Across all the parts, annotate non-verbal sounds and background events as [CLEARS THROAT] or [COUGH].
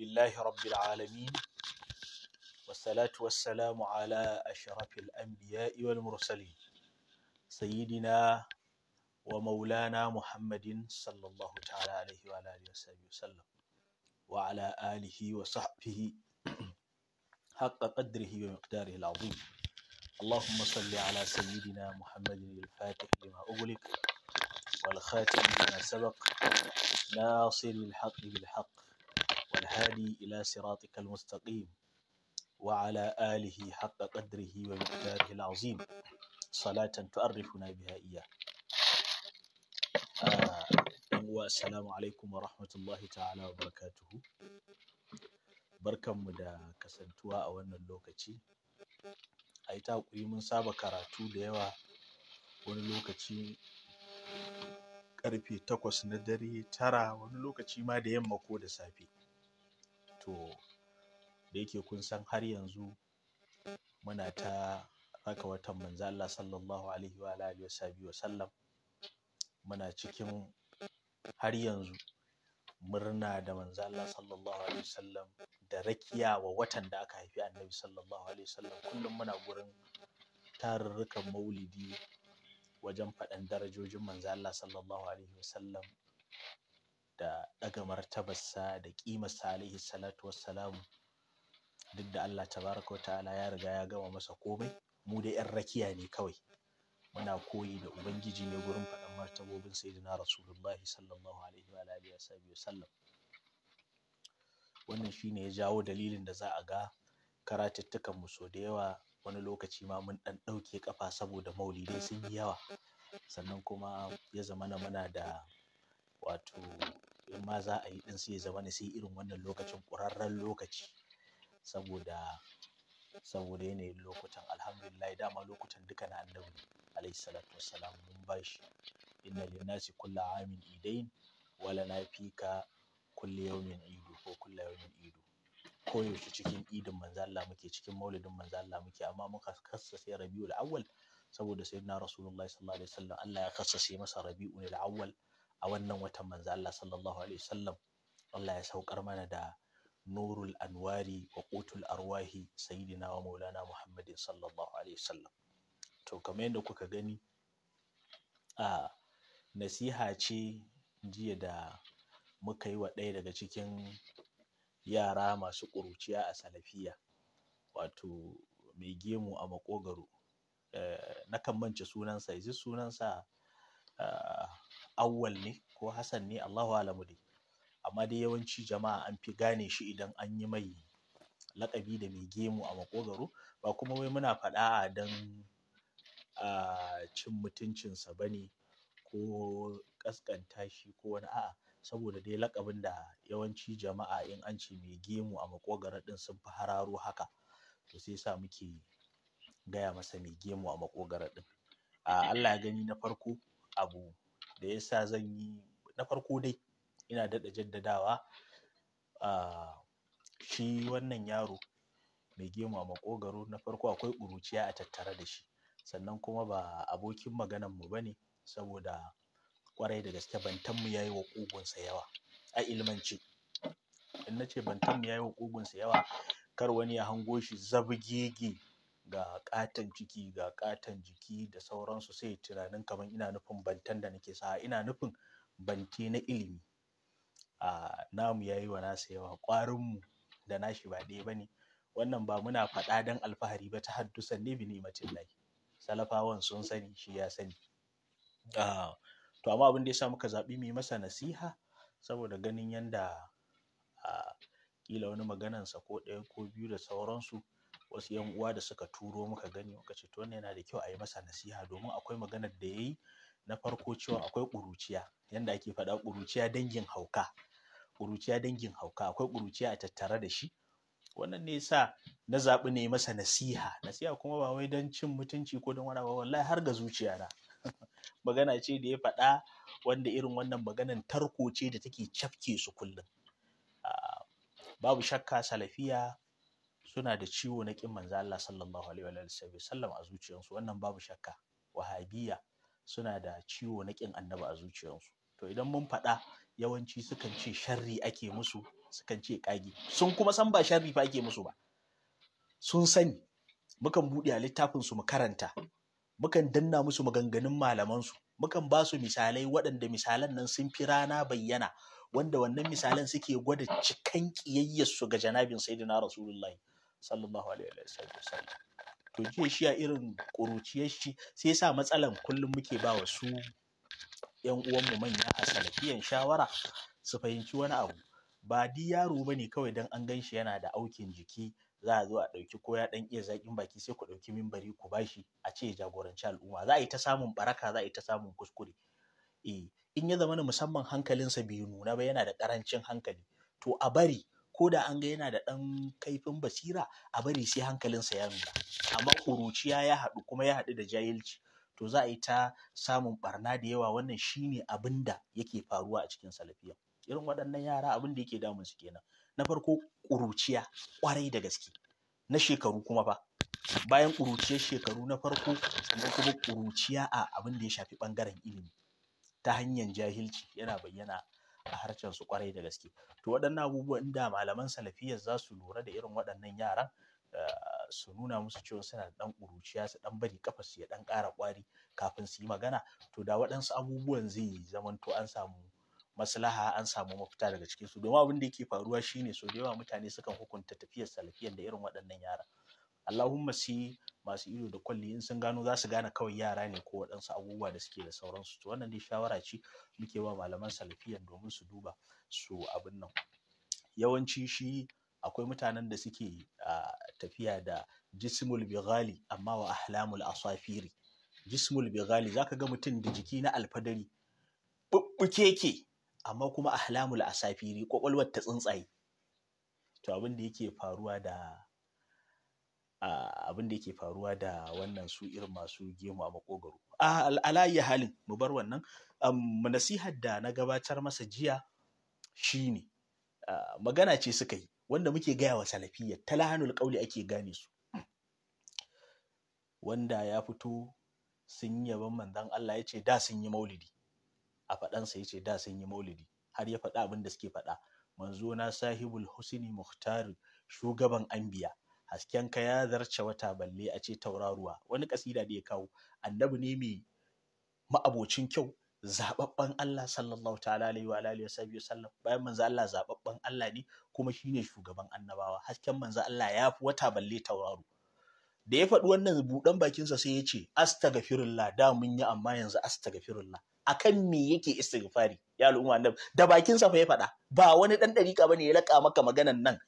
لله رب العالمين والصلاة والسلام على أشرف الأنبياء والمرسلين سيدنا ومولانا محمد صلى الله تعالى عليه وعلى آله وصحبه وسلم وعلى آله وصحبه حق قدره ومقداره العظيم اللهم صل على سيدنا محمد الفاتح لما أغلق والخاتم لما سبق ناصر الحق بالحق الهادي إلى صراطك المستقيم وعلى آله حق قدره ومقداره العظيم صلاة تعرفنا بها إياه والسلام alaikum wa rahmatullahi ta'ala wa barakatuhu barkanmu da kasantuwa a wannan lokaci a yi mun saba karatu da yawa wani lokaci ƙarfe takwas na dare tara wani lokaci ma da yamma ko da safe to da yake kun san har yanzu muna ta haka watan manzo Allah sallallahu alaihi wa alihi wa sallam muna cikin har yanzu murna da manzo Allah sallallahu alaihi sallam da rakiya wa watan da aka haifi annabi sallallahu alaihi sallam kullum muna gurin tarurrukan maulidi wajen faɗan darajojin manzo Allah sallallahu alaihi sallam da ɗaga martabarsa da ƙimarsa alaihi salatu duk da Allah tabaraka wa ta'ala ya riga ya gama masa komai mu da 'yan rakiya ne kawai muna koyi da ubangiji ne gurin faɗan martabobin sayyidina rasulullahi sallallahu alaihi wa alihi wasallam wannan shine ya jawo dalilin da za a ga karatuttukan mu so da yawa wani lokaci ma mun ɗan ɗauke ƙafa saboda maulidai sun yi yawa sannan kuma ya zamana muna da wato in ma za a yi ɗin sai zama na sai irin wannan lokacin ƙurarren lokaci saboda saboda yanayin lokutan alhamdulillah dama lokutan duka na annabi alaihi salatu wassalam mun bashi inna linnasi kulla amin idain wala na fika kulli yawmin idu ko kulla yawmin idu koyaushe cikin idin manzo Allah muke cikin maulidin manzo Allah muke amma muka kassase rabiul awwal saboda sayyidina rasulullahi sallallahu alaihi wasallam Allah ya kassase masa rabiul awwal a wannan watan manzo Allah sallallahu alaihi wasallam Allah ya saukar mana da nurul anwari wa qutul arwahi sayyidina wa maulana muhammadin sallallahu alaihi wasallam to kamar yadda kuka gani a nasiha ce jiya da muka yi wa ɗaya daga cikin yara masu ƙuruciya a salafiya wato mai gemu a maƙogaro eh, na kan mance sunansa yanzu sunansa ah, awwal ne ko Hassan ne Allahu alamu dai amma dai yawanci jama'a an fi gane shi idan an yi mai laƙabi da mai gemu a makogaro ba kuma wai muna faɗa a don cin mutuncinsa ba ne ko ƙasƙanta shi ko wani a'a saboda dai laƙabin da yawanci jama'a in an ce mai gemu a makogaro ɗin sun fi hararo haka to sai sa muke gaya masa mai gemu a makogaro ɗin Allah ya gani na farko abu da ya sa zan yi na farko dai ina daɗa jaddadawa a shi wannan yaro mai gemu a na farko akwai ƙuruciya a tattare da shi sannan kuma ba abokin maganan mu ne, saboda ƙwarai da gaske bantan mu yayi wa ƙugunsa yawa a ilmance in nace bantan mu yi wa ƙugunsa yawa kar wani ya hango shi zabgege ga ƙaton ciki ga ƙaton jiki da sauransu sai tunanin kamar ina nufin bantan da nake sa ina nufin bante na ilimi a namu yi wa nasa yawa mu da nashi ba ɗaya bane wannan ba muna faɗa don alfahari ba ta haddusan ne bi nimatin salafawan sun sani shi ya sani to amma abin da ya sa muka zaɓi yi masa nasiha saboda ganin yanda kila wani maganansa ko ɗaya ko biyu da sauransu wasu yan uwa da suka turo muka gani muka ce to wannan yana da kyau a yi masa nasiha domin akwai maganar da ya yi na farko cewa akwai ƙuruciya yanda ake faɗa ƙuruciya dangin hauka ƙuruciya dangin hauka akwai ƙuruciya a tattare da shi wannan ne yasa na zaɓi ne masa nasiha nasiha kuma ba wai don cin mutunci ko don wani ba wallahi har ga zuciya na [LAUGHS] magana ce da ya faɗa wanda irin wannan maganar tarko ce da take cafke su kullum ah, babu shakka salafiya suna da ciwo na ƙin manzo Allah sallallahu alaihi wa sallam a zuciyarsu wannan babu shakka wahabiya suna da ciwo na ƙin annabi a zuciyarsu to idan mun faɗa yawanci sukan ce sharri ake musu sukan ce kagi sun kuma san ba sharri fa ake musu ba sun sani mukan buɗe a littafin su mu karanta mukan danna musu maganganun malaman su mukan ba su misalai waɗanda misalan nan sun fi rana bayyana wanda wannan misalan suke gwada cikan ƙiyayyarsu ga janabin sayyidina rasulullahi sallallahu alaihi sallam to jiya shi a irin ƙuruciyar shi sai sa matsalan kullum muke ba wa su yan uwanmu manya a salafiyan shawara su fahimci wani abu ba di yaro ba ne kawai don an gan shi yana da aukin jiki za a zo a ɗauki ko ya ɗan iya zaƙin baki sai ku ɗauki mimbari ku bashi a ce ya jagoranci al'umma za a yi ta samun ɓaraka, za a yi ta samun kuskure E, in ya zama musamman hankalinsa bai nuna ba yana da ƙarancin hankali to a bari ko da an ga yana da ɗan kaifin basira a bari sai hankalinsa ya nuna amma ƙuruciya ya haɗu kuma ya haɗu da jahilci to za a yi ta samun ɓarna da yawa wannan shine abin da yake faruwa a cikin salafiya irin waɗannan yara abin da yake damun su kenan na farko ƙuruciya ƙwarai da gaske na shekaru kuma ba bayan ƙuruciyar shekaru na farko sannan kuma ƙuruciya a abin da ya shafi ɓangaren ilimi ta hanyar jahilci yana bayyana a harshen su kwarai da gaske to waɗannan abubuwan da malaman salafiyyar za su lura da irin waɗannan yaran eh, su nuna musu cewa suna da ɗan ƙuruciya su ɗan bari kafa su ya ɗan ƙara ƙwari kafin su yi magana to da waɗansu abubuwan zai zamanto an samu maslaha an samu mafita daga cikin su domin abin da yake faruwa shine so da yawa mutane sukan hukunta tafiyar salafiyar da irin waɗannan yaran Allahumma sai masu ido da kwalli in sun gano za su gane kawai yara ne ko waɗansu abubuwa da suke da sauransu to wannan dai shawara ce muke wa malaman salafiyan domin su duba su abin nan yawanci shi akwai mutanen da suke tafiya da jismul bighali amma wa ahlamul asafiri jismul bighali zaka ga mutum da jiki na alfadari bubbuke ke amma kuma ahlamul asafiri kwakwalwar ta tsuntsaye to abin da yake faruwa da abin da yake faruwa da wannan su irin masu gemu a makogaro alayya halin mu bar wannan nasihar da na gabatar masa jiya shine magana ce suka yi wanda muke gaya wa salafiyya talahanul ƙaule ake gane su wanda ya fito sun yaban manzon Allah ya ce da sun yi maulidi a faɗansa ya ce da sun yi maulidi har ya faɗa abin da suke faɗa manzo na sahibul husni muhtar shugaban anbiya hasken ka ya zarce wata balle a ce tauraruwa wani ƙasida da ya kawo annabi ne mai ma'abocin kyau zaɓaɓɓen Allah sallallahu ta'ala alaihi wa alihi wa sallam bayan manzo Allah zaɓaɓɓen Allah ne kuma shine shugaban annabawa hasken manzo Allah ya fi wata balle tauraru. da ya faɗi wannan buɗan bakinsa sai ya ce astaghfirullah da mun yi amma yanzu astaghfirullah akan me yake istighfari ya al'umma annabi da bakinsa fa ya faɗa ba wani dan dariƙa bane ya laƙa maka maganan nan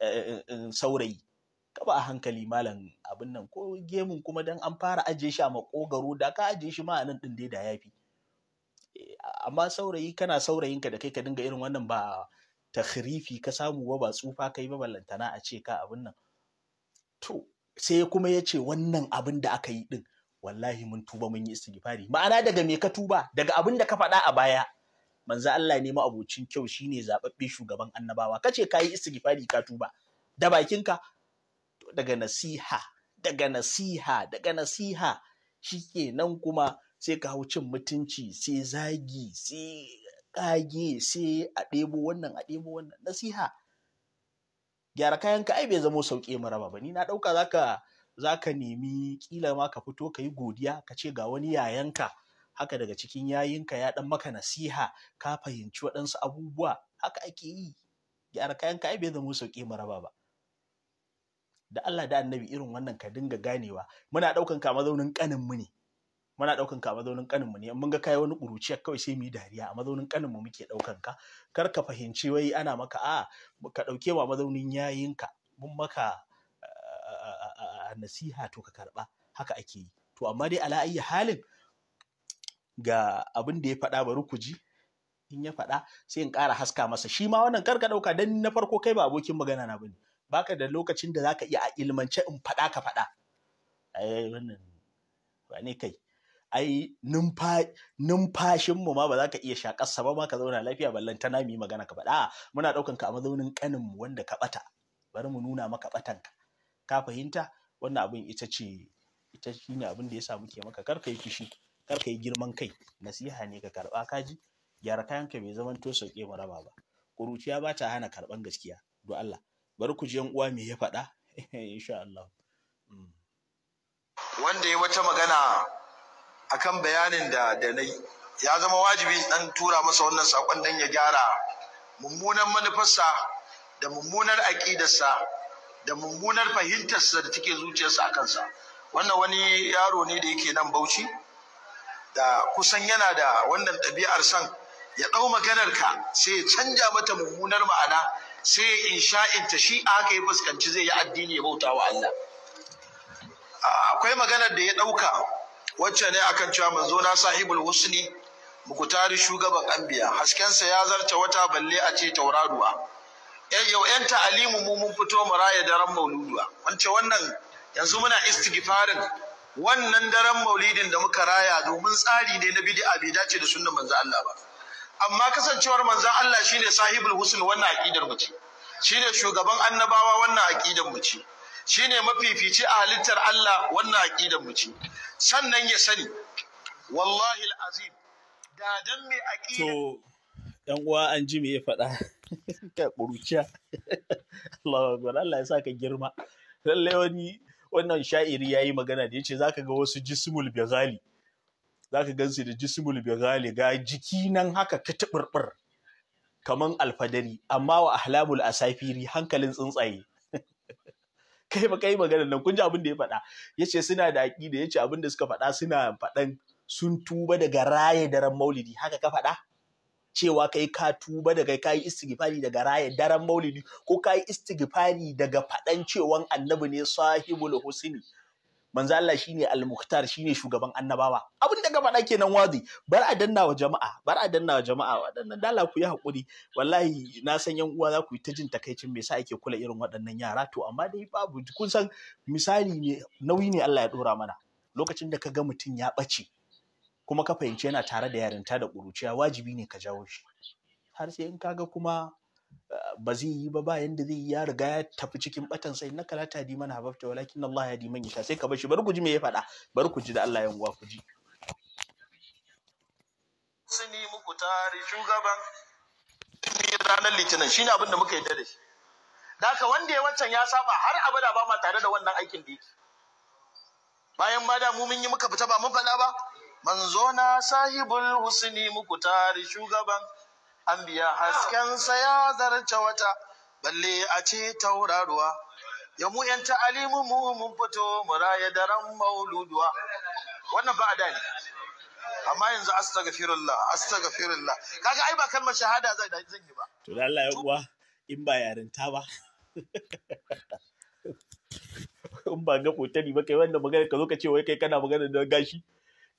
eh, eh, eh, saurayi kaba a hankali malam abin nan ko gemun kuma dan an fara aje shi a makogaro da ka ajiye shi ma a nan din dai da yafi eh, amma saurayi kana saurayin ka da kai ka dinga irin wannan ba takhrifi ka samu ba ba tsufa kai ba ballantana a ce ka abin nan to sai kuma ya ce wannan abin da aka yi din wallahi mun tuba mun yi istighfari ma'ana daga me ka tuba daga abin da ka faɗa a baya manzo Allah ne abocin kyau shine zababbe shugaban annabawa kace yi istighfari ka tuba da bakinka daga nasiha daga nasiha daga nasiha shi shikenan kuma sai ka hau cin mutunci sai zagi sai kage sai a ɗebo wannan a ɗebo wannan nasiha gyara ka ai bai zamo sauƙe mu raba ba ni na ɗauka zaka zaka nemi ƙila ma ka fito ka yi godiya ka ce ga wani yayanka haka daga cikin yayinka ya ɗan maka nasiha ka fahimci waɗansu abubuwa haka ake yi gyara ka ai bai zamo sauƙe mara ba da Allah da annabi irin wannan ka dinga ganewa muna daukan ka mazaunin kanin mu ne muna daukan ka mazaunin kanin mu ne mun ga kai wani kuruciya kawai sai mu yi dariya a mazaunin kanin mu muke daukan ka kar ka fahimci wai ana maka a ka dauke wa mazaunin yayin ka mun maka eh, eh, eh, nasiha to ka karba haka ake yi to amma dai ala ayi halin ga abin da ya faɗa bari ku ji in ya faɗa sai in ƙara haska masa shi ma wannan karka ɗauka dan na farko kai ba abokin magana na bane baka da lokacin da zaka iya a ilmance in faɗa ka faɗa ai wannan ba ne kai ai numfashin mu ma ba za ka iya shakar sa ba ma ka zauna lafiya ballan tana mu yi magana ka faɗa muna ɗaukan ka a mazaunin kanin mu wanda ka ɓata bari mu nuna maka ɓatan ka ka fahimta wannan abin ita ce ita ne abin da ya samu ke maka kar ka yi fushi kar ka yi girman kai nasiha ne ka karɓa ka ji gyara kayanka bai zamanto sauke mu raba ba ƙuruciya ba ta hana karɓan gaskiya do Allah bari ku ji yan uwa me ya faɗa [LAUGHS] insha Allah mm. wanda ya wata magana akan bayanin da da nayi ya zama wajibi dan tura masa wannan sakon dan ya gyara mummunan manufarsa da mummunar aƙidarsa da mummunar fahimtarsa da take zuciyarsa a kansa wannan wani yaro ne da yake nan bauchi da kusan yana da wannan ɗabi'ar san ya ɗau maganar ka sai ya canja mata mummunar ma'ana sai in ta shi aka yi fuskanci zai yi addini ya bauta wa Allah akwai maganar da ya ɗauka wacce ne akan cewa manzo na sahibul husni mukutari shugaban anbiya haskensa ya zarta wata balle a ce tauraruwa eh, yau yan ta'alimu mu mun fito mu raya daren mauluduwa wance wannan yanzu muna istighfarin wannan daren maulidin da muka raya domin tsari ne na a bai dace da sunan manzo Allah ba amma kasancewar manzan Allah shine sahibul husn wannan aqidar mu ce shine shugaban annabawa wannan aqidar mu ce shine mafifici a halittar Allah wannan aqidar mu ce sannan ya sani wallahi alazim da dan aqida To yan uwa an ji me ya faɗa [LAUGHS] ka buruciya [LAUGHS] Allah akbar Allah ya saka girma lallai wani wannan sha'iri yayi magana da yace zaka ga wasu jismul bazali za ka gansu da jismul bigali ga jiki nan haka ka katibirbir kaman alfadari amma wa ahlamul asafiri hankalin tsuntsaye [LAUGHS] kai ba kai maganar nan kun ji abin da ya faɗa Ya ce suna da Ya ce abin da suka faɗa suna faɗan sun tuba daga raye daren maulidi haka ka faɗa cewa kai ka tuba daga kai istighfari daga raye daren maulidi ko kai istighfari daga faɗan cewan annabi ne sahibul husni manzo Allah shine al-mukhtar shine shugaban annabawa abin da gaba ke nan wazi bar a danna wa jama'a bar a danna wa jama'a waɗannan dala ku yi hakuri wallahi na san yan uwa za ku yi ta jin takaicin me yasa ake kula irin waɗannan yara to amma dai babu kun san misali ne nauyi ne Allah ya dora mana lokacin da ka ga mutum ya ɓace kuma ka fahimci yana tare da yarinta da ƙuruciya wajibi ne ka jawo shi har sai in kaga kuma ba zai yi ba ba yanda zai yi ya riga ya tafi cikin batan sai na kalata di mana habafta walakin Allah ya di man yasha sai ka bar shi bar ku ji me ya faɗa bar ku ji da Allah ya uwa ku ji suni muku tare shugaban ranar litinin shine abin da muka yarda da shi Daka wanda ya wancan ya saba har abada ba ma tare da wannan aikin da yake. Bayan ma da mu mun yi muka fita ba mun faɗa ba. Manzo na sahibul husni muku tare shugaban an biya haskensa ya zarce wata balle a ce tauraruwa ya mu yan alimu mu mun fito mu raya daren mauluduwa wannan ba da ne amma yanzu astaghfirullah astaghfirullah kaga ai ba kalmar shahada zai zan yi ba to da Allah ya uwa in ba yarinta ba [LAUGHS] in ba ga fotani ba kai wannan magana ka zo ka ce wai kai kana magana da gashi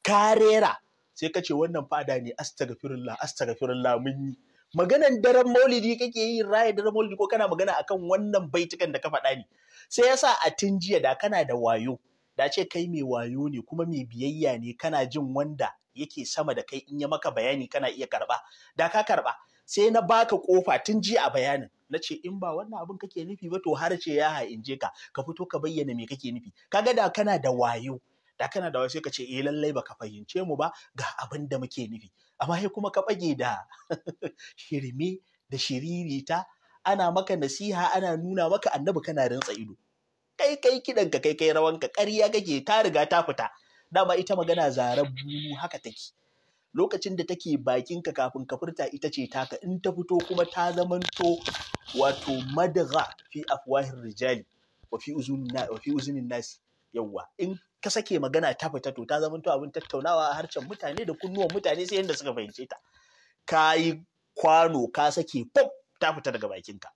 karera sai ka ce wannan fada ne astagfirullah astagfirullah mun yi maganan daren maulidi kake yi raya daren maulidi ko kana magana akan wannan baitukan da ka faɗa ne sai yasa a tun jiya da kana da wayo da ce kai mai wayo ne kuma mai biyayya ne kana jin wanda yake sama da kai in ya maka bayani kana iya karba da ka karba sai na baka kofa tun jiya a bayanin na ce in ba wannan abun kake nufi ba to har ce ya je ka ka fito ka bayyana me kake nufi kaga da kana da wayo da kana da sai ka ce eh lallai baka fahimce mu ba ga abin da muke nufi amma sai kuma ka bage da [LAUGHS] shirme da shiririta ana maka nasiha ana nuna maka annabi kana rantsa ido kai kai kidan ka kai kai rawan ka ƙarya kake ta riga ta fita dama ita magana zarar bunu haka take lokacin da take bakin ka kafin ka furta ita ce taka in ta fito kuma ta zamanto wato madagha fi afwahir rijali wa fi uzunin nasi yawwa in ka sake magana ta fita to ta zama abin tattaunawa a harshen mutane da kunnuwan mutane sai yadda suka fahimce ta ka yi kwano ka sake pop ta fita daga bakinka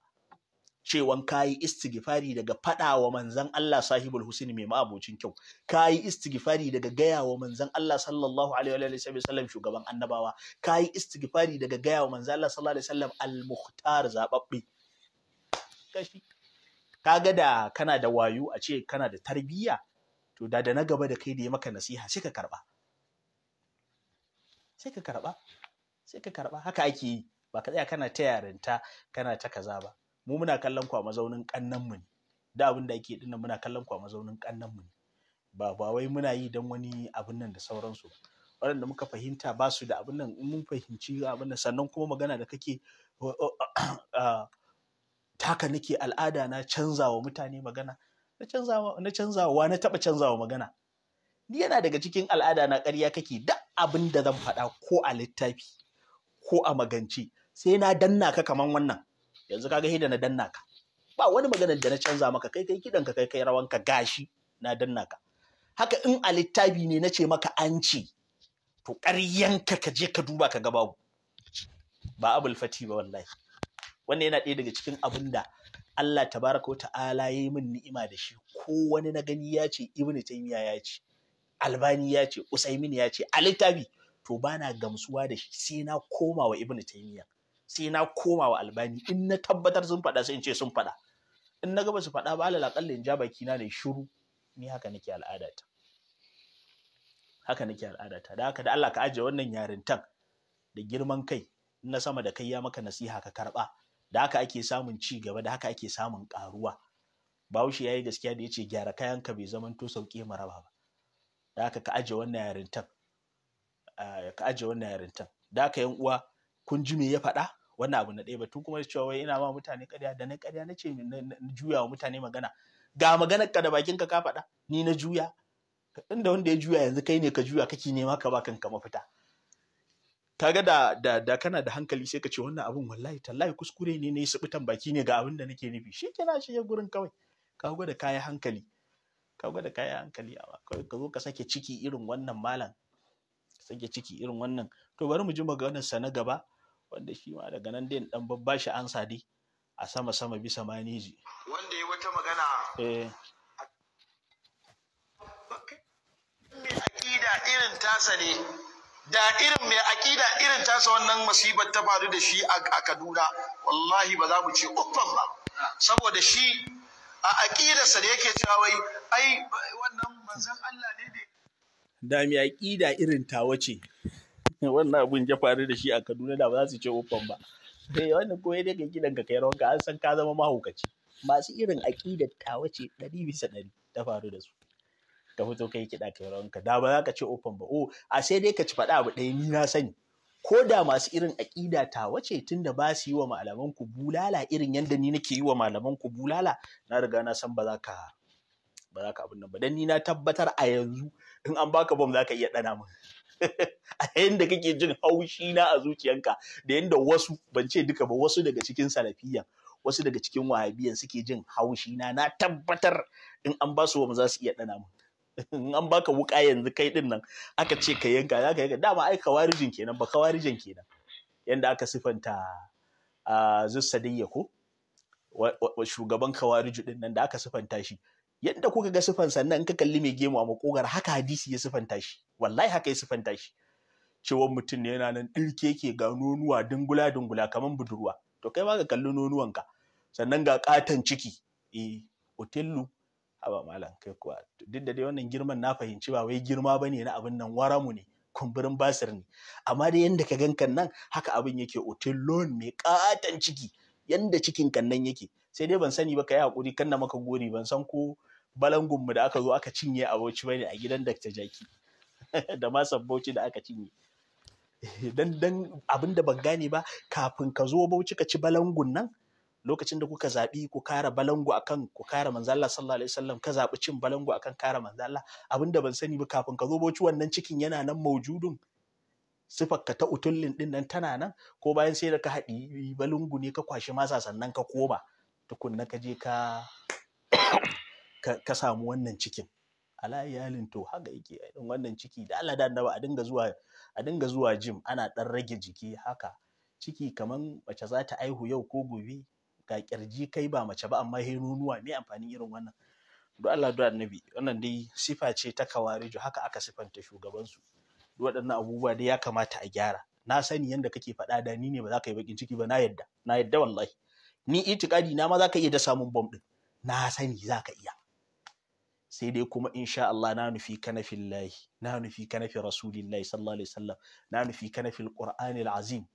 cewan ka yi istighfari daga fada wa manzan Allah sahibul husaini mai ma'abocin kyau ka yi istighfari daga gaya wa manzan Allah sallallahu alaihi wa sallam shugaban annabawa ka yi istighfari daga gaya wa manzan Allah sallallahu alaihi wa al-mukhtar zababbe kashi kaga da kana da wayo a ce kana da tarbiyya to da da na gaba da kai da ya maka nasiha sai ka karba sai ka karba sai ka karba haka ake yi ba ka tsaya kana ta yarinta kana ta kaza ba mu muna kallon kwa mazaunin kannan mu ne da abin da ake dinnan muna kallon kwa mazaunin kannan mu ne ba ba wai muna yi dan wani abin nan da sauransu waɗanda muka fahimta ba su da abin nan mun fahimci abin nan sannan kuma magana da kake [COUGHS] ah, taka nake al'ada na canza wa mutane magana na canzawa na na taba canzawa magana ni yana daga cikin al'ada na ƙarya kake da abin da zan faɗa ko a littafi ko a magance sai na danna ka kaman wannan yanzu kaga hida na danna ka ba wani magana da na canza maka kai kai kidan ka kai kai rawan ka gashi na danna ka haka in a littafi ne na ce maka an ce to ƙaryanka ka je ka duba ka ga babu ba abul fati ba wallahi wannan yana ɗaya daga cikin abin da Allah tabaraka wa ta'ala ya yi min ni'ima da shi ko wani na gani ya ce ibnu taymiya ya ce albani ya ce usaimin ya ce a littafi to bana gamsuwa da shi sai na koma wa ibnu taymiya sai na koma wa albani in na tabbatar sun faɗa sai in ce sun faɗa in na gaba su faɗa ba alal aƙalla in ja baki na ne shiru ni haka nake al'ada ta haka nake al'ada ta da haka da Allah ka ajiye wannan yarintan da girman kai na sama da kai ya maka nasiha ka karɓa da haka ake samun ci gaba da haka ake samun karuwa bahaushe ya yi gaskiya da ya ce gyara kayanka bai zaman to sauƙi maraba ba da haka ka aje wannan yarintan eh, ka aje wannan yarintan da haka yan uwa kun ji me ya faɗa wannan abu na ɗaya Tun kuma cewa wai ina ma mutane ƙarya da na ƙarya na ce na juya wa mutane magana ga maganar ka da bakin ka ka faɗa ni na juya inda wanda ya juya yanzu kai ne ka juya kake nema ka ba kanka mafita Ka da da da kana da hankali sai ka ce wannan abun wallahi tallahi kuskure ne ne bitan baki ne ga abin da nake nufi shi kina shi ya gurin kawai ka gwada kayan hankali ka gwada kayan hankali a kawai ka zo ka sake ciki irin wannan malam sake ciki irin wannan to bari mu ji maganar sa na gaba wanda shi ma daga nan dai dan babba shi an dai a sama sama bisa maniji wanda ya wata magana eh akida irin tasa ne da irin mai aƙida irin tasa wannan masibar ta faru da shi a Kaduna wallahi ba za mu ce uffan ba saboda shi a aƙidarsa da yake cewa wai ai wannan manzon Allah ne ne da mai aƙida irin tawa ce [LAUGHS] wannan abun ya faru da shi a Kaduna da ba za su ce uffan ba eh wannan ko dai kai gidanka kai rawanka an san ka zama mahaukaci masu irin aƙidar tawa ce ɗari bisa ɗari ta faru da su ka fito kai kiɗa kai rawanka da ba za ka ce open ba o oh, a sai dai ka ci faɗa abu ɗaya ni na sani ko da masu irin aƙida ta wace tun da ba su yi wa malaman ku bulala irin yadda ni nake yi wa malaman ku bulala na riga na san ba za ka ba za ka abin nan ba dan ni na tabbatar a yanzu in an baka bom za ka iya ɗana min [LAUGHS] a yadda kake jin haushi na a zuciyanka da yadda wasu ban ce duka ba wasu daga cikin salafiyan wasu daga cikin wahabiyan suke jin haushi na na tabbatar in an ba su ba za su iya ɗana mu an baka wuka yanzu kai din nan aka ce ka yanka za ka yanka dama ai kawarijin kenan ba kawarijin kenan yanda aka sifanta a zussadiyya ko shugaban kawariju din nan da aka sifanta shi yadda kuka ga sifan sannan in ka kalli mai gemu a makogar haka hadisi ya sifanta shi wallahi haka ya sifanta shi cewa mutum ne yana nan ɗirke ke ga nonuwa dingula dingula kamar budurwa to kai ma ka kalli nonuwanka sannan ga katon ciki e eh, otellu ba malam kai kuwa duk da dai wannan girman na fahimci ba wai girma ba ne na abin nan waramu ne kumburin basir ne amma dai yanda ka gan kan nan haka abin yake otillon mai katon ciki yadda cikin kan nan yake sai dai ban sani ba yi hakuri kan maka gori ban san ko balangun mu da aka zo aka cinye a bauchi bane a gidan Dr. Jaki [LAUGHS] da ma sabbauci da aka cinye eh, dan dan abin da ban gane ba kafin ka zo bauchi ka ci balangun nan lokacin da kuka zaɓi ku kara balangu akan ku kara Manzala sallallahu alaihi wasallam ka zaɓi cin balangu akan kara Manzala, abinda ban sani ba kafin ka zo boci wannan cikin yana nan maujudun Sifakka ta utullin din nan tana nan ko bayan sai da ka haɗi balungu ne ka kwashi masa sannan ka koma tukunna ka je ka ka samu wannan cikin ala iyalin to haka yake irin wannan ciki da Allah da annaba a dinga zuwa a dinga zuwa gym ana dan rage jiki haka ciki kaman mace za ta aihu yau ko gobe ga kirji kai ba mace ba amma nunuwa me amfanin irin wannan duk Allah duk annabi wannan dai sifa ce ta kawariju haka aka sifanta shugabansu duk waɗannan abubuwa dai ya kamata a gyara na sani yanda kake faɗa da ni ne ba za ka yi bakin ciki ba na yadda na yadda wallahi ni itikadi na ma za ka iya da samun bom din na sani za ka iya sai dai kuma insha Allah na nufi kanafin lahi na nufi kanafin rasulillahi sallallahu alaihi wasallam na nufi kanafin qur'anil azim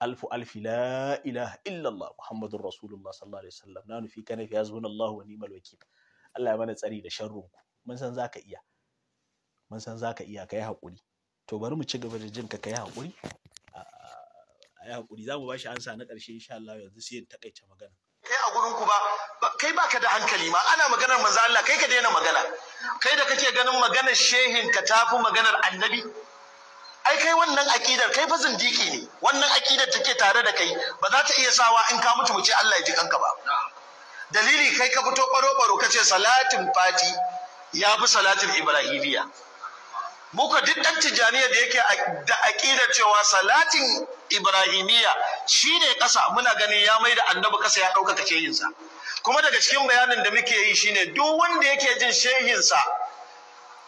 alfu alfi la ilaha illallah muhammadur rasulullah sallallahu alaihi wasallam na nufi kana fi hasbunallahu wa ni'mal wakil Allah ya mana tsari da sharrun mun san zaka iya mun san zaka iya kai hakuri to bari mu ci gaba da jinka ka kai hakuri A ai hakuri zamu bashi ansa na karshe insha Allah yanzu sai in takaice magana kai a gurin ku ba kai baka da hankali ma ana maganar manzo Allah kai ka daina magana kai da kake ganin maganar shehin ka tafi maganar annabi ai kai wannan akidar kai fa zindiki ne wannan akidar take tare da kai ba za ta iya sawa in ka mutu mu Allah ya ji kanka ba dalili kai ka fito baro baro kace salatin fati ya fi salatin ibrahimiya muka duk dan tijaniya da yake da aƙidar cewa salatin ibrahimiya shine kasa muna ganin ya mai da annabi kasa ya dauka kace sa. kuma daga cikin bayanin da muke yi shine duk wanda yake jin shehin sa.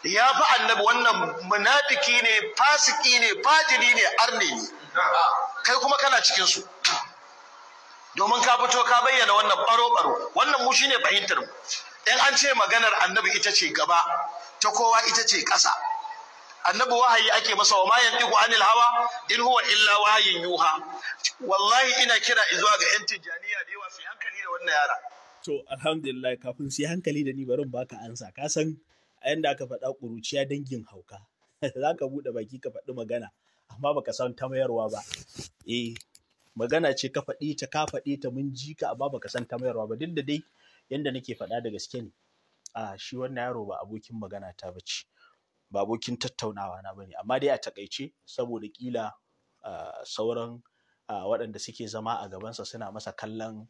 ya fi annabi wannan munafiki ne fasiki ne fajiri ne arne ne kai kuma kana cikin su domin ka fito ka bayyana wannan baro-baro wannan mu shine fahimtar mu in an ce maganar annabi ita ce gaba ta kowa ita ce ƙasa annabi wahayi ake masa wa ma yantiqu anil hawa in huwa illa wahayin yuha wallahi ina kira zuwa ga yan tijaniya da yawa su hankali da wannan yara to alhamdulillah kafin su hankali da ni barin baka ansa ka san yanda aka faɗa ƙuruciya dangin hauka [LAUGHS] za ka buɗe baki ka faɗi magana amma baka san ta mayarwa ba eh magana ce ka faɗi ta ka faɗi ta mun ji ka amma baka san ta mayarwa ba duk da dai yanda nake faɗa da gaske ne a shi wannan yaro ba abokin magana ta bace ba abokin tattaunawa na ba bane amma dai a takaice saboda kila sauran waɗanda suke zama a gabansa suna masa kallon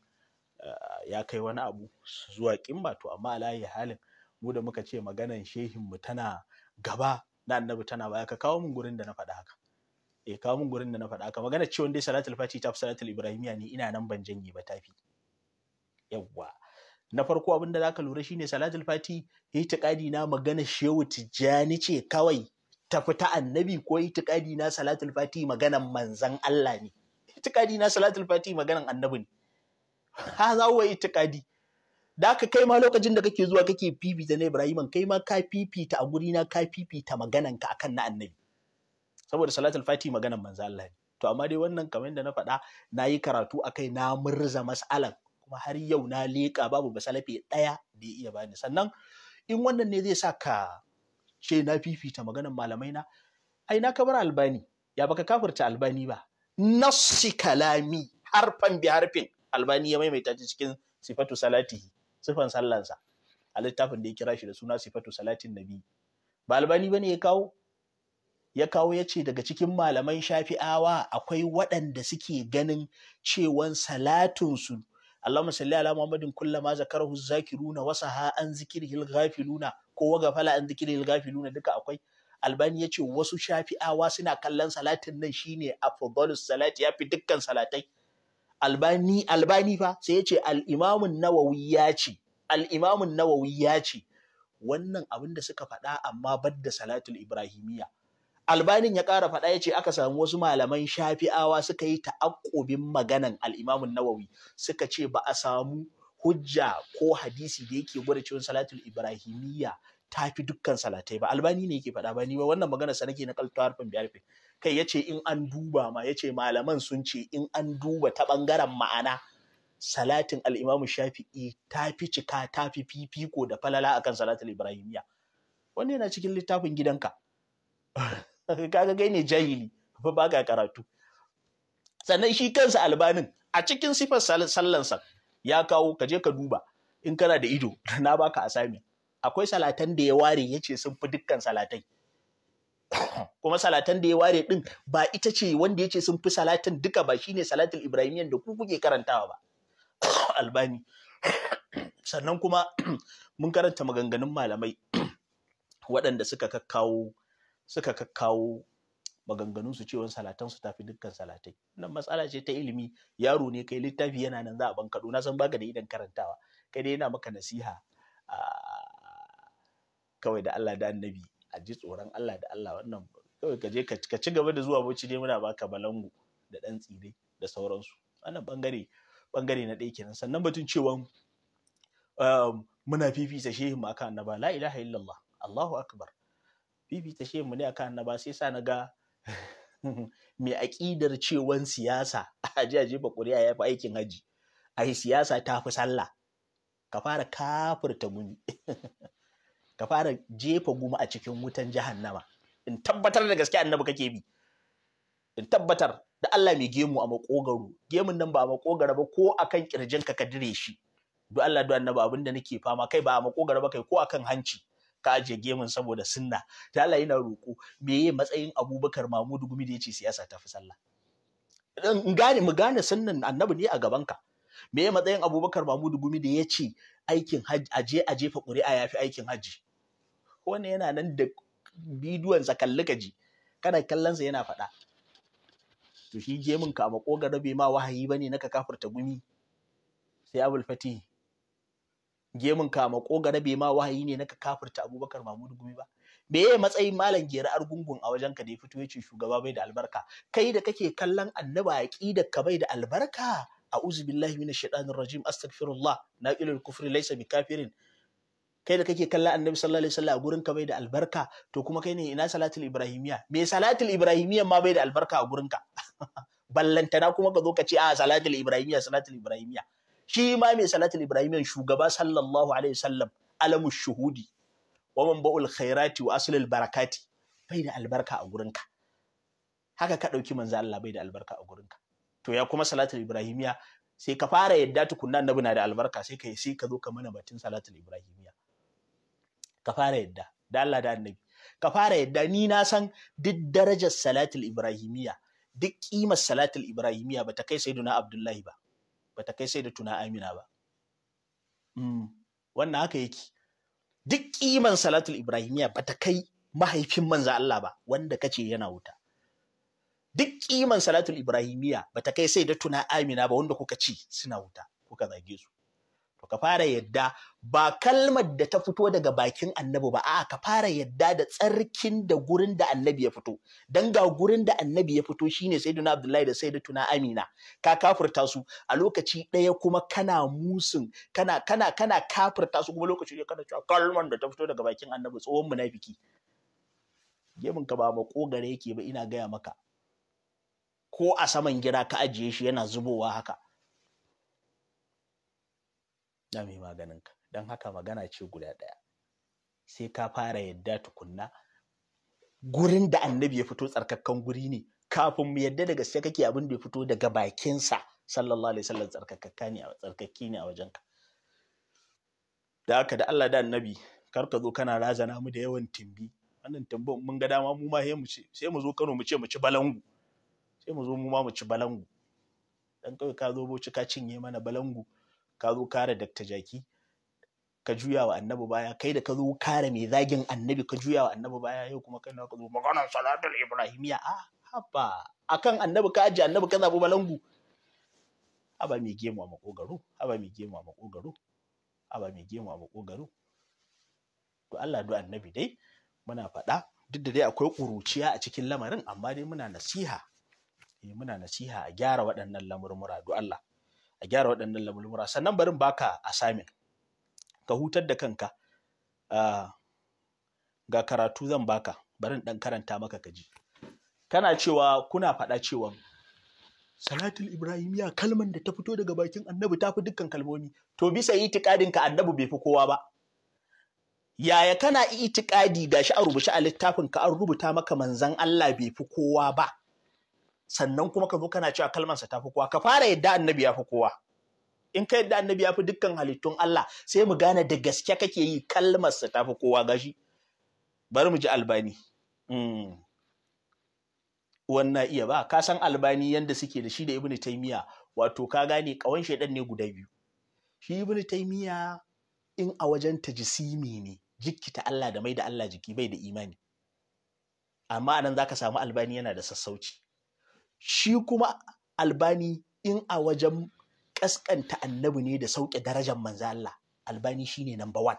ya kai wani abu zuwa kimba to amma alayi halin mu da muka ce maganan shehin mu tana gaba na annabi tana baya ka kawo mun gurin da na faɗa haka eh kawo mun gurin da na faɗa haka magana ce wanda salatul fati ta fi salatul ibrahimiya ni ina nan ban janye ba tafi yawwa na farko abin da zaka lura shine salatul fati itiqadi na magana shehu tijjani ce kawai ta fita annabi ko itiqadi na salatul fati maganan manzan Allah ne itiqadi na salatul fati maganan annabi ne ha za wa itiqadi da ka kai ma lokacin da kake zuwa kake fifita na Ibrahim kai ma ka fifita a guri na ka fifita maganan ka akan na annabi saboda salatul fati maganan manzo Allah ne to amma dai wannan kamar da na faɗa na yi karatu akai na murza mas'alan kuma har yau na leƙa babu basalafe ɗaya da iya bani sannan in wannan ne zai sa ka ce na fifita maganan malamai na ai na kabar albani ya baka kafirta albani ba nassi kalami harfan bi harfin albani ya maimaita cikin sifatu salatihi sifan sallansa a littafin da ya kira shi da suna sifatu salatin nabi ba albani bane ya kawo ya kawo ya ce daga cikin malaman shafi'awa akwai waɗanda suke ganin cewan salatunsu Allahumma salli ala Muhammadin kullama zakarahu zakiruna wa saha an zikirhil ghafiluna ko wa gafala an zikirhil ghafiluna duka akwai Albani ya ce wasu shafi'awa suna kallon salatin nan shine afdalus salati yafi dukkan salatai albani fa sai ya ce al'imamun nawawi ya ce al'imamun nawawi ya ce wannan abin da suka faɗa amma badda salatul ibrahimiyya albanin ya ƙara faɗa ya ce aka samu wasu malaman shafi'awa suka yi ta'akobin maganan al'imamun nawawi suka ce ba a samu hujja ko hadisi da yake gwada cewa salatul ibrahimiyya ta fi dukkan salatai ba albani ne yake faɗa ba ni ba wannan magana sa nake na kaltuwar harfin biyar kai ya ce in an duba ma ya ce malaman sun ce in an duba ta ɓangaren ma'ana salatin al'imamu shafi'i ta fi cika ta fi fifiko da falala akan salatin ibrahimiya wanda yana cikin littafin gidanka [LAUGHS] kaga gai ne jahili ba ka karatu sannan shi kansa albanin a cikin sifar sallansa ya kawo ka je ka duba in kana da ido [LAUGHS] na baka asami akwai salatan da ya ware ya ce sun fi dukkan salatai [COUGHS] kuma salatan da ya ware din ba ita ce wanda ya ce sun fi salatin duka ba shine salatul ibrahimiyan da ku kuke karantawa ba [COUGHS] albani [COUGHS] sannan kuma mun karanta maganganun malamai waɗanda suka kakkawo suka kakkawo maganganun su cewa salatan su tafi dukkan salatai Wannan matsala ce ta ilimi yaro ne kai littafi yana nan za a ban kado na san baka da idan karantawa kai dai yana maka nasiha ah, kawai da Allah da annabi a ji tsoron Allah da Allah wannan kawai ka je ka ci gaba da zuwa bauchi dai muna baka balangu da dan tsire da sauransu wannan bangare bangare na ɗaya kenan sannan batun cewa um, muna fifita shehu mu akan annaba la ilaha illallah Allahu akbar fifita shehu mu ne akan annaba sai sa na ga [LAUGHS] mai aƙidar cewan siyasa [LAUGHS] a ji a jefa ƙuri'a ya fi aikin haji ai siyasa ta fi sallah ka fara kafirta muni [LAUGHS] ka fara jefa guma a cikin wutan jahannama in tabbatar da gaske annabi kake bi in tabbatar da Allah mai gemu a makogaro gemun nan ba a makogara ba ko akan kirjin ka dire shi do Allah do annabi abin da nake fama kai ba a makogara ba kai ko akan hanci ka aje gemun saboda sunna ta Allah yana roko meye matsayin Abubakar Mamudu gumi da yace siyasa ta fi sallah in gane mu gane sunnan annabi ne a gaban ka Me meye matsayin Abubakar Mamudu gumi da yace aikin haji aje a jefa ƙuri'a yafi aikin hajji wannan yana nan da bidiyon sa kalli ka ji kana kallon yana faɗa to shi je min a makogaro bai ma wahayi bane naka kafirta gumi sai abul fatih gemun kama makogaro bai ma wahayi ne naka kafirta abubakar mahmud gumi ba me yayi matsayin malam gera argungun a wajen ka da ya fito ya ce shugaba bai da albarka kai da kake kallon annaba da ka bai da albarka a'udhu billahi minash shaitanir rajim astaghfirullah naqilul kufri laysa bikafirin kai da kake kalla annabi sallallahu alaihi wasallam a gurin ka bai da albarka to kuma kai ne ina salatul ibrahimiya me salatul ibrahimiya ma bai da albarka a gurin ka [LAUGHS] ballantana kuma ka zo ka ce a salatul ibrahimiya salatul ibrahimiya shi ma me salatul ibrahimiya shugaba sallallahu alaihi wasallam alamu shuhudi wa man ba'ul khairati wa aslul barakati bai da albarka a gurin ka haka ka dauki manzo Allah bai da albarka a gurin ka to ya kuma salatul ibrahimiya sai ka fara yadda tukunna annabi na da albarka sai ka sai ka zo ka mana batun salatul ibrahimiya ka fara yadda da Allah da annabi ka fara yadda ni na san duk darajar salatul ibrahimiya duk kimar salatul ibrahimiya bata kai sayyiduna abdullahi ba bata kai Tuna amina ba mm. wannan haka yake duk kiman salatul ibrahimiya bata kai mahaifin manzo Allah ba wanda kace yana wuta duk kiman salatul ibrahimiya bata kai Tuna amina ba wanda kuka ci suna wuta kuka zage su ka fara yadda ba kalmar da ta fito daga bakin annabi ba a'a ka fara yadda da tsarkin da gurin da annabi ya fito dan ga gurin da annabi ya fito shine sayyiduna abdullahi da sayyidatuna amina ka kafurta su a lokaci ɗaya kuma kana musun kana kana kana kafurta su kuma lokaci kana cewa kalmar da ta fito daga bakin annabi tsohon munafiki gemin ka ba makogare yake ba ina gaya maka ko a saman gira ka ajiye shi yana zubowa haka na mai maganin maganinka don haka magana ce guda ɗaya sai ka fara yadda tukunna gurin da annabi ya fito tsarkakkan guri ne kafin mu yadda daga sai kake abin da ya fito daga bakinsa sallallahu alaihi wasallam tsarkakakka ne a tsarkakki ne a wajenka da haka da Allah da annabi kar ka zo kana razana mu da yawan timbi wannan tambon mun ga dama mu ma sai mu ce sai mu zo Kano mu ce mu ci balangu sai mu zo mu ma mu ci balangu dan kai ka zo boci ka cinye mana balangu ka zo kare dakta jaki ka juya wa annabi baya kai da ka zo kare mai zagin annabi ka juya wa annabi baya yau kuma kai ka zo magana salatul ibrahimiya a ah, haba akan annabi ka aje annabi ka zabi balangu haba mai gemu a makogaro haba mai gemu a makogaro haba mai gemu a makogaro to Allah du annabi dai muna faɗa duk da dai akwai ƙuruciya a cikin lamarin amma dai muna nasiha eh, muna nasiha a gyara waɗannan lamurmura do Allah a gyara waɗannan lamurmura sannan barin baka assignment ka hutar da kanka ah, ga karatu zan baka barin ɗan karanta maka kaji kana cewa kuna faɗa cewa salatul ibrahimiya kalman da ta fito daga bakin annabi ta fi dukkan kalmomi to bisa itikadin ka annabi bai fi kowa ba yaya kana itikadi gashi a rubuta a littafin ka an rubuta maka manzon Allah bai fi kowa ba sannan kuma ka zo kana cewa kalmarsa ta fi kowa ka fara yadda annabi ya fi kowa in ka yadda annabi ya fi dukkan halittun Allah sai mu gane da gaske kake yi kalmarsa ta fi kowa gashi bari mu ji albani hmm. wannan iya ba ka san albani yanda suke da shi da ibnu taymiya wato ka gane kawan shaidan ne guda biyu shi ibnu taymiya in a wajen ta tajisimi ne jikkita Allah da mai da Allah jiki bai da imani amma anan zaka samu albani yana da sassauci shi kuma albani in a wajen kaskanta annabi ne da sauke darajar manzo Allah albani ne number one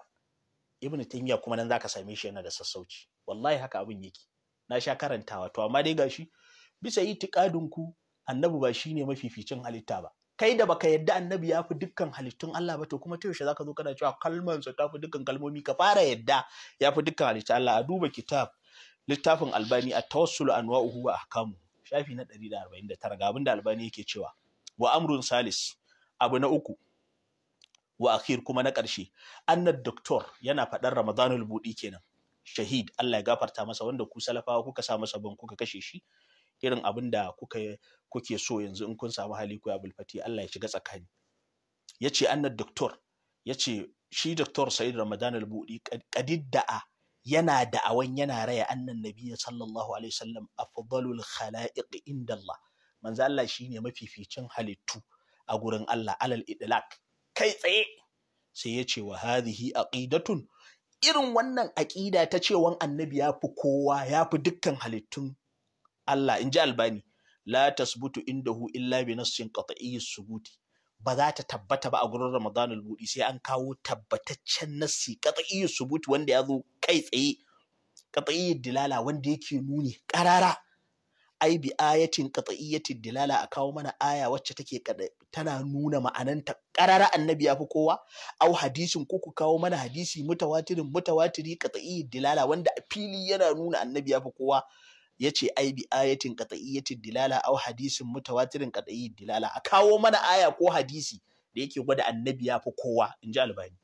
Ibn taymiya kuma nan zaka same shi yana da sassauci wallahi haka abin yake na sha karantawa to amma dai gashi bisa yi ku annabi ba shi shine mafificin halitta ba kai da baka yadda annabi ya fi dukkan halittun Allah ba to kuma ta yaushe zaka zo kana cewa kalmansa ta fi dukkan kalmomi ka fara yadda ya fi dukkan halittun Allah a duba kitab littafin albani a tawassul anwa'uhu wa ahkamu shafi na ɗari da 149 ga abin da albani yake cewa wa amrun salis abu na uku wa akhir kuma na ƙarshe annad doktor yana faɗar ramadanul buɗi kenan shahid Allah ya gafarta masa wanda ku salafawa kuka sa masa ban kuka kashe shi irin abin da kuka kuke so yanzu in kun samu hali ku abul fati Allah ya shiga tsakani yace annad doktor yace shi doktor Said Ramadan al-Budi yana da da'awan yana raya annan nabiyyi sallallahu alaihi wasallam afdalul khalaiq inda Allah manzo Allah shine mafificin halittu a gurin Allah alal idlak kai tsaye sai ya ce wa hadhihi aqidatun irin wannan aqida ta cewan annabi ya fi kowa ya fi dukkan halittun Allah in ji albani la tasbutu indahu illa bi nassin qat'i subuti ba za ta tabbata ba a gurin al Budi sai an kawo tabbataccen nassi qat'i subut wanda ya zo kai tsaye qat'i dilala wanda yake nuni karara ai bi ayatin qat'iyyatin dilala a kawo mana aya wacce take tana nuna ma'ananta ƙarara annabi ya fi kowa au hadisin ko kawo mana hadisi mutawatirin mutawatiri qat'i dilala wanda a fili yana nuna annabi ya fi kowa yace ai bi ayatin qat'iyyatin dilala aw hadisin mutawatirin qat'iyyin dilala a kawo mana aya ko hadisi da yake gwada annabi ya fi kowa inji albani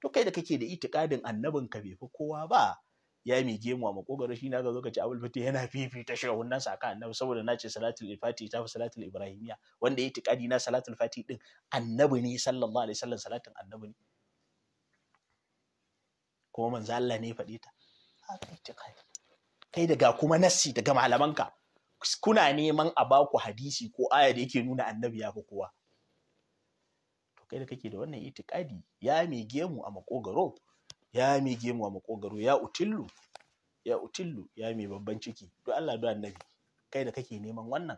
to kai da kake da itikadin annabin ka bai fi kowa ba ya mai gemu a makogaro shi na ga lokaci abul fati yana ta shiga wannan akan annabi saboda na ce salatul fati ta fi salatul ibrahimiya wanda ya itikadi na salatul fati din annabi ne sallallahu alaihi wasallam salatin annabi ne kuma manzo Allah ne ya faɗi ta haka itikadi kai daga kuma nassi daga malamanka kuna neman a baku hadisi ko aya da yake nuna annabi ya fi kowa to kai da kake da wannan itikadi ya mai gemu a makogaro ya mai gemu a makogaro ya utillu ya utillu ya mai babban ciki do Allah do annabi kai da kake neman wannan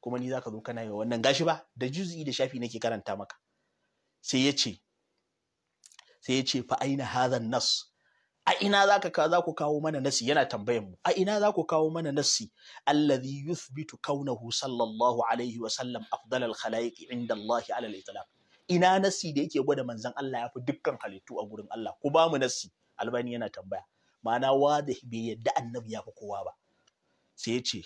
kuma ni zaka zo kana yi wannan gashi ba da juz'i da shafi nake karanta maka sai ya sai yace fa aina hadhan nas a ina za ka za ku kawo mana nasi yana tambayan mu a ina za ku kawo mana nasi alladhi yuthbitu kaunahu sallallahu alaihi wa sallam afdal al khalaiq inda Allah ala al ina nasi da yake gwada manzon Allah ya fi dukkan halittu a gurin Allah ku ba mu nasi albani yana tambaya ma'ana da bai yadda annabi ya fi kowa ba sai ya ce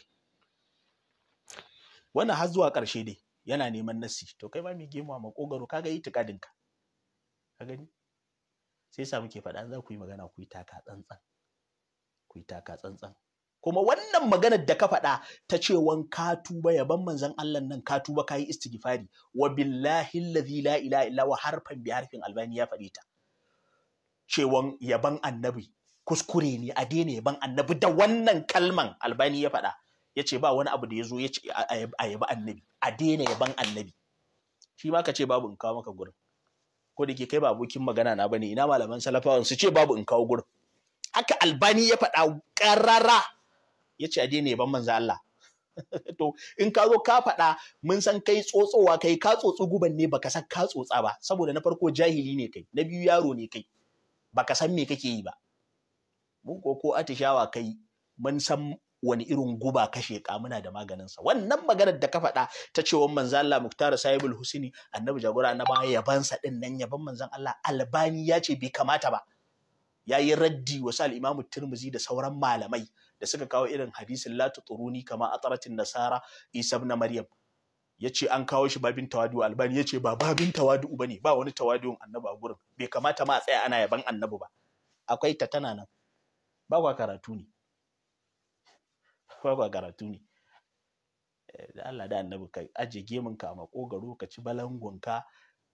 wannan har zuwa ƙarshe dai yana neman nasi to kai ma mai gemu a makogaro kaga yi tukadinka ka gani sai sa muke faɗa za ku yi magana ku yi taka tsantsan ku yi taka tsantsan kuma wannan maganar da ka faɗa ta cewan ka tuba yaban manzon Allah nan ka tuba kayi istighfari wa billahi allazi la ilaha illa wa harfan bi harfin albani ya faɗi ta cewan yaban annabi kuskure ne a daina yaban annabi da wannan kalman albani ya faɗa ya ce ba wani abu da ya zo ya ce a yaba annabi a daina yaban annabi shi ma ka ce babu in kawo maka gurin ko da ke kai ba abokin magana na bane ina malaman salafawan su ce babu in kawo gurin haka albani ya faɗa ƙarara ya ce a daina ban manza Allah [LAUGHS] to in ka zo ka faɗa mun san kai tsotsowa kai ka tsotsu guban ne baka san ka tsotsa ba saboda na farko jahili ne kai na biyu yaro ne kai baka san me kake yi ba mun ko ko atishawa kai mun san wani irin guba kashe ka muna da maganin sa wannan maganar da ka faɗa ta cewa manzo Allah Muktar Sahibul Husaini annabi jagora annaba yaban sa din nan yaban manzon Allah Albani ya ce bai kamata ba yayi raddi wa sal Imam Tirmidhi da sauran malamai da suka kawo irin hadisin la tuturuni kama ataratin nasara Isa ibn Maryam ya ce an kawo shi babin tawadu albani ya ce ba babin tawadu ba ba wani tawadu'un annabi a gurin bai kamata ma a tsaya ana yaban annabi ba akwai ta tana nan ba kwa karatu ne kwakwa karatu ne eh, da Allah da annabi ka aje gemun ka a makogaro ka ci balangon ka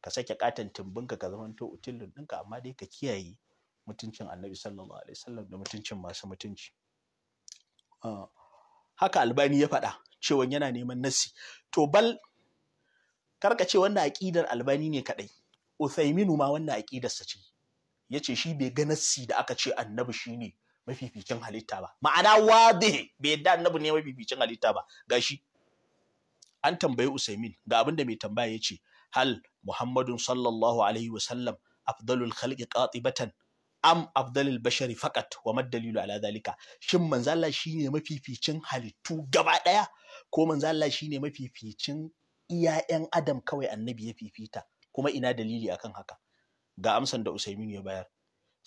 ka sake katan tumbin ka ka zamanto utullun dinka amma dai ka kiyaye mutuncin annabi sallallahu alaihi wasallam da mutuncin masu mutunci ah, haka albani ya faɗa cewa yana neman nasi to bal karka ce wannan aƙidar albani ne kaɗai uthaiminu ma wannan aƙidarsa ce ya ce shi bai ga nassi da aka ce annabi shine mafificin halitta ba ma'ana wadihi bai yadda annabi ne mafificin halitta ba gashi an tambayi usaimin ga abin da mai tambaya ya ce hal Muhammadu sallallahu alaihi wa sallam afdalul khalqi qatibatan am afdalul bashari faqat wa madalilu ala zalika shin manzo Allah shine mafificin halittu gaba daya ko manzo Allah shine mafificin iyayen adam kawai annabi ya fifita kuma ina dalili akan haka ga amsan da usaimin ya bayar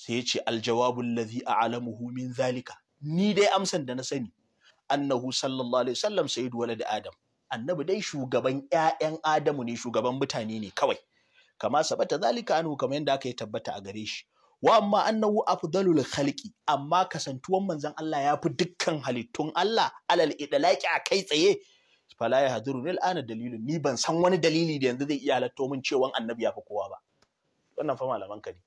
sai ya ce aljawabul a a'lamuhu min zalika ni dai amsan da na sani annahu sallallahu alaihi wasallam sayyidu walad adam annabi dai shugaban ƴaƴan adamu ne shugaban mutane ne kawai kama sabata zalika anhu kamar yadda aka yi tabbata a gare shi wa amma annahu afdalul khalqi amma kasantuwan manzon Allah ya fi dukkan halittun Allah alal idlaqi a kai tsaye fala ya haduru nil ana dalilin ni ban san wani dalili da yanzu zai iya halatto min cewa annabi ya fi kowa ba wannan fa malaman ka ne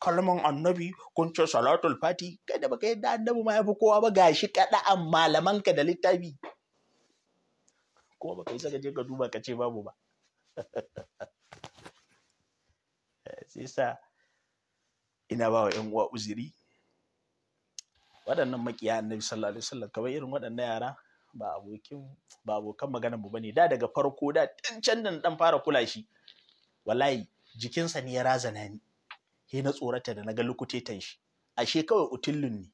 kalman annabi kun ce salatul fati kai da baka yadda annabi ma fi kowa ba gashi kada'an malamanka da littafi kuma baka yi saka je ka duba ka ce babu ba sai [LAUGHS] sa ina ba wa 'yan uwa uziri waɗannan makiya annabi sallallahu alaihi wasallam kamar irin waɗannan yara ba abokin ba abokan maganar mu bane da daga farko da tun can da dan fara kula shi wallahi jikinsa ne ya razana ni he na tsorata da na ga lukutetan shi ashe kawai utullun ne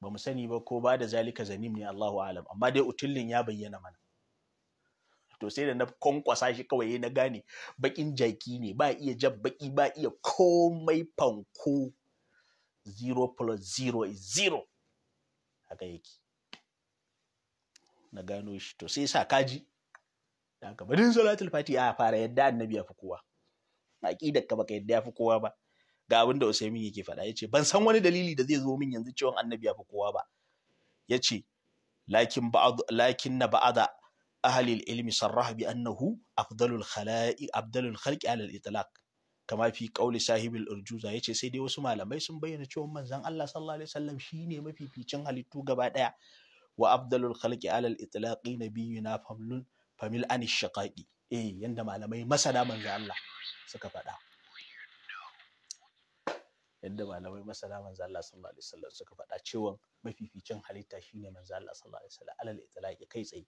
ba mu sani ba ko ba da zalika zanim ne Allahu alam amma dai utullun ya bayyana mana to sai da na kwankwasa shi kawai na gane bakin jaki ne ba iya jab baki ba iya komai fanko 0 plus 0 is 0 haka yake na gano shi to sai sa kaji da haka bidin salatul fati a fara yadda annabi ya fi kowa aqidar ka baka yadda ya fi kowa ba ga abin da Usaimin yake faɗa yace ban san wani dalili da zai zo min yanzu cewa annabi ya fi kowa ba yace lakin ba'ad lakin na Ba'ada ahli al-ilmi sarraha bi annahu afdalul khala'i afdalul khalqi ala al-itlaq kama fi al-urjuza yace sai dai wasu malamai sun bayyana cewa manzon Allah sallallahu alaihi wasallam shine mafificin halittu gaba daya wa afdalul khalqi ala al-itlaqi nabiyuna famlun famil anish shaqaqi eh yanda malamai masana manzo Allah suka faɗa yadda malamai masana manzo Allah sallallahu alaihi wasallam suka faɗa cewa mafificin halitta shine manzo Allah sallallahu alaihi wasallam alal itlaqi kai tsaye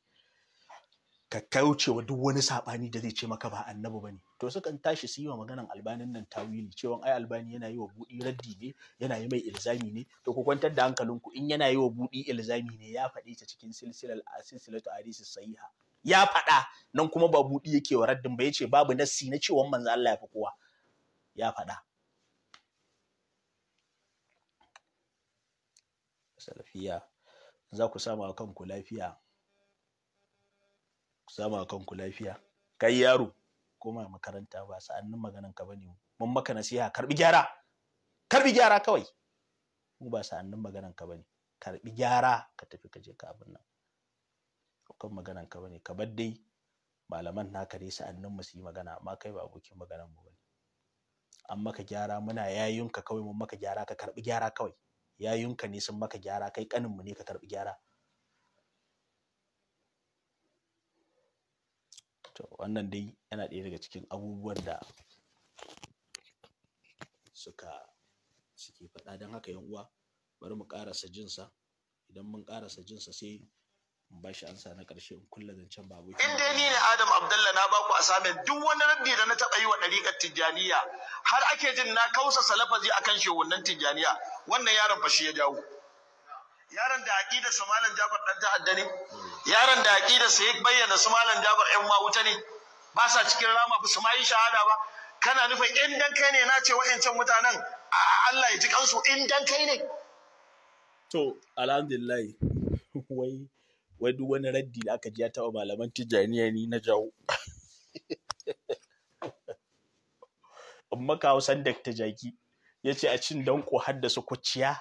ka wa duk wani sabani da zai ce maka ba annabi bane to sukan tashi su yi wa maganan albanin nan tawili cewa ai albani yana yi wa budi raddi ne yana yi mai ilzami ne to ku kwantar da hankalinku in yana yi wa budi ilzami ne ya faɗi ta cikin silsilar silsilatu hadisi sahiha ya faɗa nan kuma ba buɗi yake wa raddin ba yace babu nassi na cewa manzo Allah ya fi kowa ya faɗa salafiya za ku sama kanku lafiya ku sama kanku lafiya kai yaro koma makaranta ba sa'annin maganan ka bane mun maka nasiha karbi gyara karbi gyara kawai mu ba sa'annin maganan ka bane karbi gyara ka tafi ka je ka abin nan kan maganan ka bane ka bar dai malaman naka dai sa'annin mu su yi magana amma kai ba abokin maganan mu bane an maka gyara muna yayunka kawai mun maka gyara ka karbi gyara kawai yayunka ne sun maka gyara kai kanin mu ne ka karbi gyara to wannan dai yana ɗaya daga cikin abubuwan da suka suke faɗa don haka yan uwa bari mu ƙarasa jinsa idan mun ƙarasa jinsa sai in ba shi ansa na ƙarshe in kulla zancen babu in dai ni ne Adam Abdullah na baku assignment duk wani raddi da na taɓa yi wa ɗariƙar Tijjaniya har ake jin na kausa salafazi kan shehunan Tijjaniya wannan yaron fa ya dawo. yaron da aqidar su malam Jafar ɗan ta'adda ne yaron da aqidar da ya bayyana su malam Jafar ƴan ma wuta ne ba sa cikin rama ba su ma yi shahada ba kana nufin in dan kai ne na ce wa'ancan mutanen Allah ya ji kansu in dan kai ne to alhamdulillah [LAUGHS] wai wai duk wani raddi da aka ji ya taɓa malaman tijjaniya ni na jawo in [LAUGHS] maka hausan ta jaki ya ce a cin danko haddasa kuciya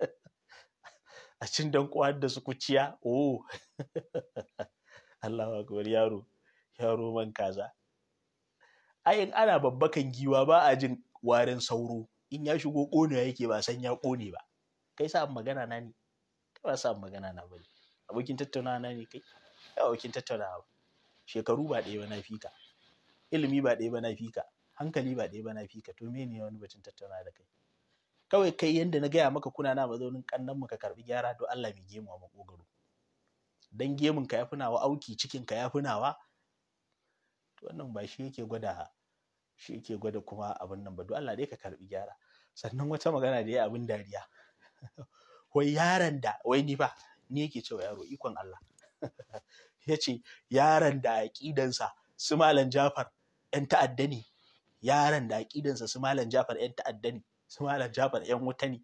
[LAUGHS] a cin danko haddasa kuciya oh [LAUGHS] Allah akbar yaro yaro man kaza ayin ana babbakan giwa ba a jin warin sauro in ya shigo ƙonewa yake ba san ya ƙone ba kai sa magana na ne kai ba sa magana na bane abokin tattaunawa na ne kai kai abokin tattaunawa shekaru ba ɗaya ba na fika ilimi ba ɗaya ba na fika hankali ba ɗaya ba na fika to me ne wani batun tattaunawa da kai kawai kai yanda na gaya maka kuna na mazaunin kannan mu ka karbi gyara don Allah mai gemu a makogaro dan gemun ka ya funawa auki cikin ka ya funawa to wannan ba shi yake gwada shi yake gwada kuma abin nan ba don Allah dai ka karbi gyara sannan wata magana da ya abin dariya [LAUGHS] wai yaron da wai ni ba ni yake cewa yaro ikon Allah [LAUGHS] ya ce yaron da aƙidansa su malam jafar ‘yan ta'adda ne yaron da aƙidansa su malam jafar ‘yan ta'adda ne su malam jafar ‘yan wuta ne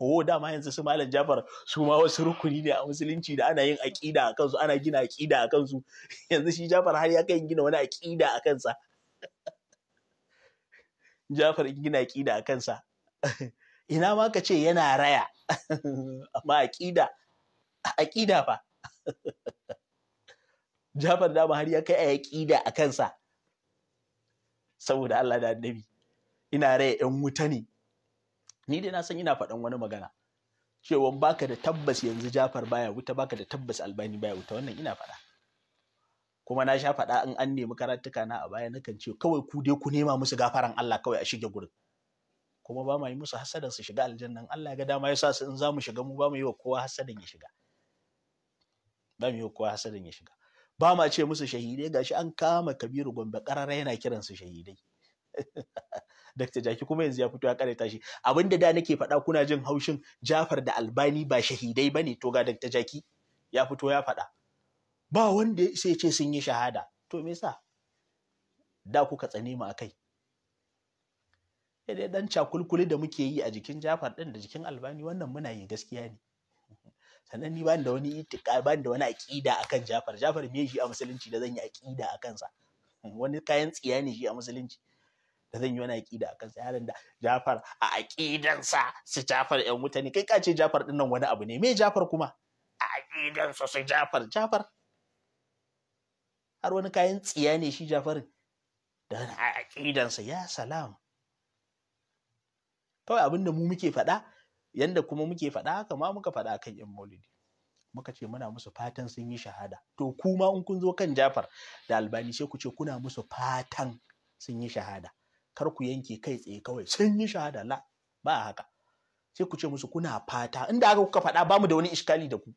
oh dama yanzu su malam jafar su ma wasu rukuni ne a musulunci da ana yin aƙida a kansu ana gina aƙida a kansu [LAUGHS] yanzu shi jafar har ya kai gina wani aƙida a kansa [LAUGHS] jafar gina aƙida a kansa ina ma ka ce yana raya amma aƙida aƙida fa [LAUGHS] Jafar dama har ya kai a aƙida a kansa saboda Allah da annabi ina raya yan wuta ne ni dai na san ina faɗan wani magana cewa baka da tabbas yanzu Jafar baya wuta baka da tabbas Albani baya wuta wannan ina faɗa kuma na sha faɗa in an nemi karatuka na a baya nakan ce kawai ku dai ku nema musu gafaran Allah kawai a shige gurin kuma ba ma yi musu hasadan su shiga aljannan Allah ya ga dama ya sa su in za mu shiga mu ba mu yi wa kowa hasadan ya shiga za mu kowa hasadin ya shiga ba ma ce musu shahidai gashi an kama kabiru gombe karara yana kiran su shahidai [LAUGHS] Dr. Jaki kuma yanzu ya fito ya kare tashi. abinda da nake faɗa kuna jin haushin Jafar da Albani ba shahidai bane to ga Dr. Jaki ya fito ya faɗa ba wanda sai ce sun yi shahada to me yasa da kuka tsane mu akai sai dai dan cakulkuli da muke yi a jikin Jafar din da jikin Albani wannan muna yi gaskiya ne sannan ni da wani itika bani da wani aqida akan Jafar Jafar me shi a musulunci da zan yi aqida akan sa hmm, wani kayan tsiya ne shi a musulunci da zan yi wani aqida akan sa yaron da Jafar a aqidan sa su Jafar ɗan wuta ne kai ka ce Jafar din nan wani abu ne me Jafar kuma a aqidan sa su Jafar Jafar har wani kayan tsiya ne shi Jafar? da a aqidan sa ya salam kawai abinda mu muke faɗa yanda kuma muke faɗa haka ma muka faɗa kan yan maulidi muka ce muna musu fatan sun yi shahada to kuma in kun zo kan jafar da albani sai ku ce kuna musu fatan sun yi shahada kar ku yanke kai tsaye kawai sun yi shahada la ba haka sai ku ce musu kuna fata inda aka kuka faɗa bamu da wani iskali da ku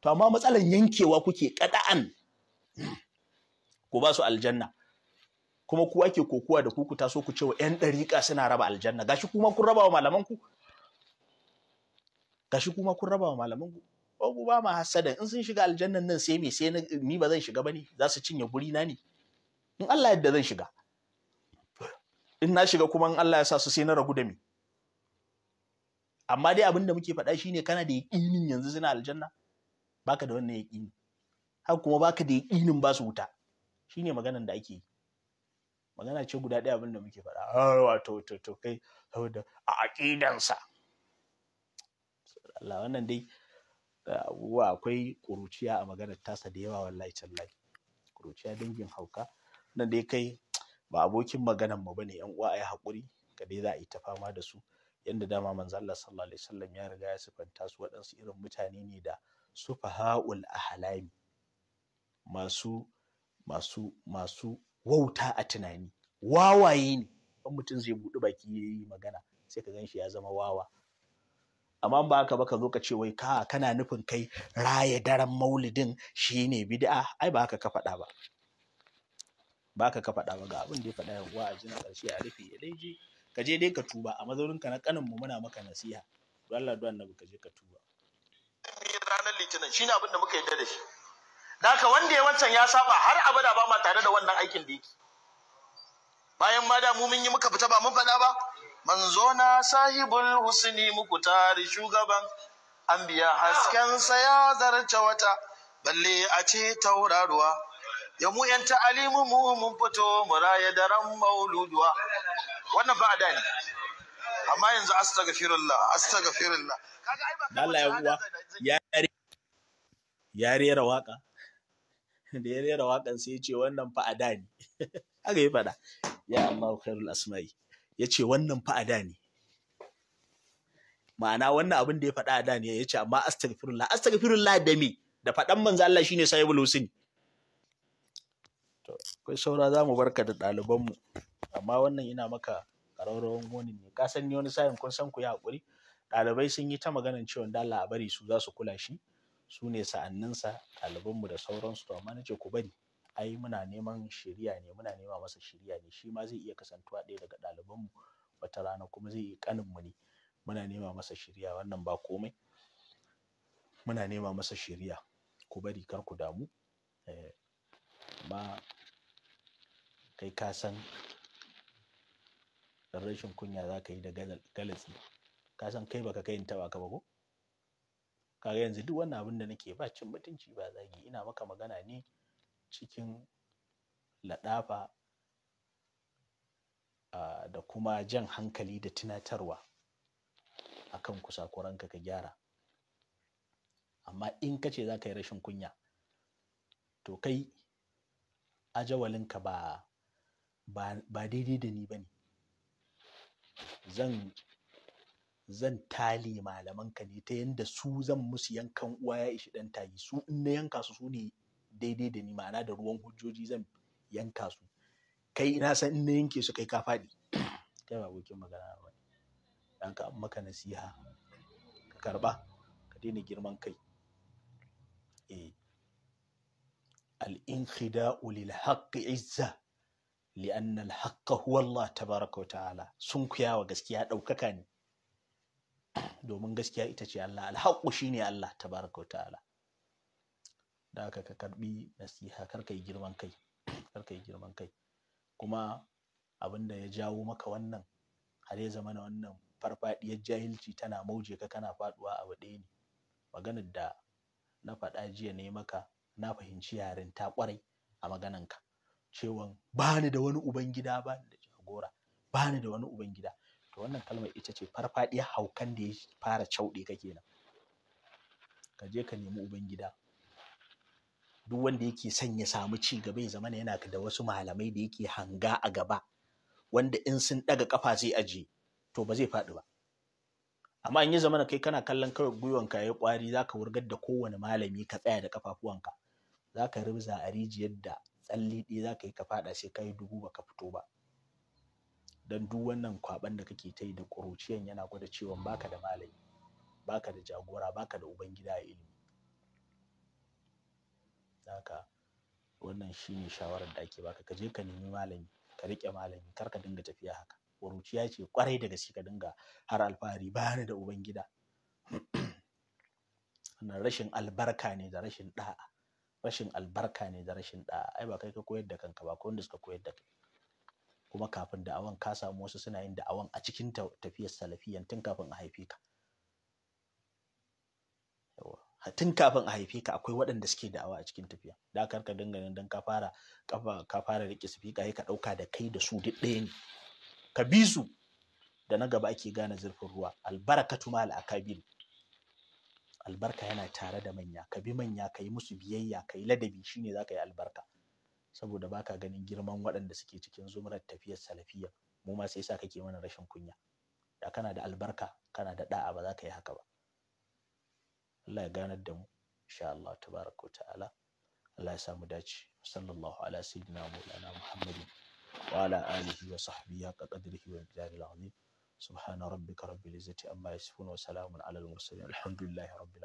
to amma matsalan yankewa kuke kada'an ku ba su aljanna kuma ku ake kokuwa da ku ku taso ku ce wa 'yan ɗariƙa suna raba aljanna gashi kuma kun raba wa malaman ku gashi kuma kun raba wa malaman ku ku ba ma hasadan in sun shiga aljannan nan sai me sai ni ba zan shiga bane za su cinye guri na ne in Allah yadda zan shiga in na shiga kuma in Allah ya sa su sai na ragu da mi amma dai abinda da muke faɗa shine kana da yaƙinin yanzu suna aljanna baka da wannan yaƙini har kuma baka da yaƙinin ba su wuta shine maganar da ake yi magana ce guda ɗaya abin da muke faɗa ah, wato to kai saboda a aƙidansa Allah wannan dai eh, abubuwa akwai ƙuruciya a maganar tasa da yawa wallahi tallahi ƙuruciya dangin hauka nan dai kai ba abokin maganar mu bane yan uwa ayi hakuri ka dai za a yi ta fama da su yanda dama manzo Allah sallallahu alaihi wasallam ya riga ya sifanta su waɗansu irin mutane ne da sufahaul ahlami masu masu masu wauta a tunani wawaye ne in mutum zai buɗi baki yayi magana sai ka ganshi ya zama wawa amma ba haka ba ka zo ka ce wai ka kana nufin kai raya daren maulidin shine bid'a ai ba haka ka faɗa ba ba haka ka faɗa ba ga abin da ya faɗa yan uwa a jinin ƙarshe a rufe ya daije ka je dai ka tuba a mazaurin ka na kanin mu muna maka nasiha don Allah don annabi ka je ka tuba ranar litinin shine abin da muka yarda da shi da haka wanda ya wancan ya saba har abada ba ma tare da wannan aikin da yake bayan ma da mu mun yi muka fita ba mun faɗa ba manzo na sahibul husni mukutari shugaban an biya haskensa ya zarce wata balle a ce tauraruwa ya mu yan ta'alimu mu mun fito mu raye daren mauluduwa wannan ba da ne amma yanzu astaghfirullah astaghfirullah Allah ya uwa ya ya rera waka [LAUGHS] da ya rera wakan sai ya ce wannan fa ne aka yi fada ya Allahu khairul asma'i ya ce wannan fa a da ne ma'ana wannan abin da ya faɗa a da ne ya ce amma astagfirullah astagfirullah da me da faɗan manzo Allah shine sahibul husni to kai saura za mu barka da ɗalibanmu amma wannan ina maka ƙararrawan gonin ne ka san ni wani sa'in kun san ku yi hakuri? ɗalibai sun yi ta maganan cewa da Allah a bari su za su kula shi su ne sa'anninsa mu da sauransu to amma nace ku bari ai muna neman shiriya ne muna nema masa shiriya ne shi ma zai iya kasantuwa ɗaya daga ɗaliban mu wata rana kuma zai yi mu ne muna nema masa shiriya wannan ba komai muna nema masa shiriya ku bari kar ku damu eh, ma kai ka san rashin kunya za ka yi da galatsi ka san kai baka kai ta baka ba ko kaga yanzu duk wannan abin da nake ba cin mutunci ba zagi ina maka magana ne cikin laɗafa da kuma jan hankali da tunatarwa a kan kusakuranka ka gyara amma in ka ce za ka yi rashin kunya to kai ajawalinka ba ba daidai da ni ba ne zan zan tali malamanka ne ta yanda su zan musu yankan uwa ya ishi ɗan tayi su in na yanka su su ne daidai da ni ma'ana da ruwan hujjoji zan yanka su kai ina san in na yanke su kai ka faɗi [CLEARS THROAT] kai ba abokin magana ba dan ka maka nasiha ka karba ka daina girman kai eh al-inkhida'u lil haqqi izza li'anna al-haqqa huwa Allah tabaraka wa ta'ala sun kuyawa gaskiya ɗaukaka ne [CLEARS THROAT] domin gaskiya ita ce Allah al-haqqu shine Allah tabaraka wa ta'ala da aka ka karbi nasiha kar ka yi girman kai kar ka yi girman kai kuma abin da ya jawo maka wannan har ya zama na wannan farfadiyar jahilci tana mauje ka kana faɗuwa abu ɗaya ne maganar da na faɗa jiya ne maka na fahimci yaren ta kwarai a ka. cewan ba ni da wani ubangida ba ni da jagora ba ni da wani ubangida to wannan kalmar ita ce farfadiyar haukan da ya fara cauɗe ka kenan ka je ka nemi ubangida duk wanda yake son ya samu ci gaba ya zamana yana da wasu malamai da yake hanga a gaba wanda in sun daga kafa sai aje to ba zai faɗi ba amma in ya zama kai kana kallon kawai gwiwanka ya kwari zaka wurgar da kowane malami ka tsaya da Za zaka rubza a rijiyar da tsalli ɗaya zaka yi ka faɗa sai kai dubu baka fito ba don duk wannan kwaban da kake ta yi da ƙuruciyan yana gwada cewa baka da malami baka da jagora baka da ubangida a ilimi Haka wannan ne shawarar da ake baka. Ka je ka nemi malami, ka riƙe malami kar ka dinga tafiya haka. Ƙuruciya ce ƙwarai da gaske ka dinga har alfahari ba ni da ubangida. [CLEARS THROAT] Wannan rashin albarka ne da rashin ɗa'a. Rashin albarka ne da rashin ɗa'a. Ai ba kai ka koyar da kanka ba akwai wanda suka koyar da kai. Kuma kafin da'awan ka samu wasu suna yin da'awan a cikin tafiyar salafiyyan tun kafin a haife ka. tun kafin a haife ka akwai waɗanda suke da'awa a cikin tafiya da aka ka dinga dan ka fara kafa ka fara rike sifika ka ɗauka da kai da su duk ɗaya ne ka bi su da na gaba ake gane zurfin ruwa albarakatu mal akabil albarka yana tare da manya ka bi manya ka yi musu biyayya ka yi ladabi shine za ka yi albarka saboda baka ganin girman waɗanda suke cikin zumurar tafiyar salafiyya mu ma sai sa kake mana rashin kunya da kana da albarka kana da da'a ba za ka yi haka ba Allah ya ganar da mu insha Allah tabaraka wa ta'ala Allah ya samu dace sallallahu ala sayyidina maulana muhammadin wa ala alihi wa sahbihi haqqa qadrihi wa miqdarihi azim subhana rabbika rabbil izzati amma yasifun wa salamun ala al-mursalin alhamdulillahi rabbil